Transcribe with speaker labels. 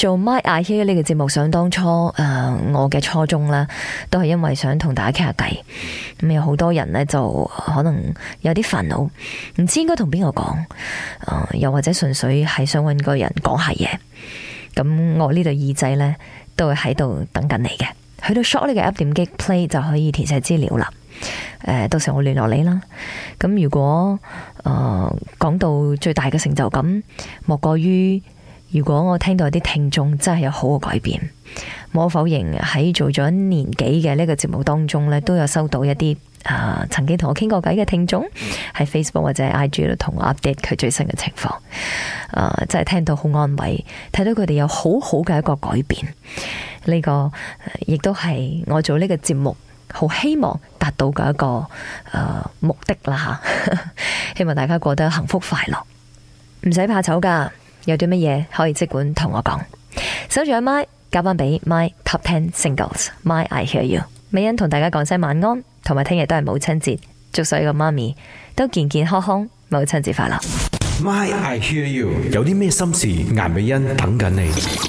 Speaker 1: 做 My I Hear 呢、這個節目，想當初誒、呃，我嘅初衷啦，都係因為想同大家傾下偈。咁有好多人呢，就可能有啲煩惱，唔知應該同邊個講，又或者純粹係想搵個人講下嘢。咁我呢對耳仔呢，都係喺度等緊你嘅。去到 short 呢個 app 點擊 play 就可以填寫資料啦、呃。到時我聯絡你啦。咁如果誒講、呃、到最大嘅成就感，莫過於。如果我聽到啲聽眾真係有好嘅改變，我否認喺做咗一年幾嘅呢個節目當中咧，都有收到一啲啊、呃、曾經同我傾過偈嘅聽眾喺 Facebook 或者 IG 度同我 update 佢最新嘅情況、呃，真係聽到好安慰，睇到佢哋有很好好嘅一個改變，呢、這個亦都係我做呢個節目好希望達到嘅一個誒、呃、目的啦吓，希望大家過得幸福快樂，唔使怕醜噶。有啲乜嘢可以即管同我講，守住個麥交翻俾 My Top Ten Singles。My I Hear You，美恩同大家講聲晚安，同埋聽日都係母親節，祝所有嘅媽咪都健健康康，母親節快樂。My I Hear You，有啲咩心事，顏美恩等緊你。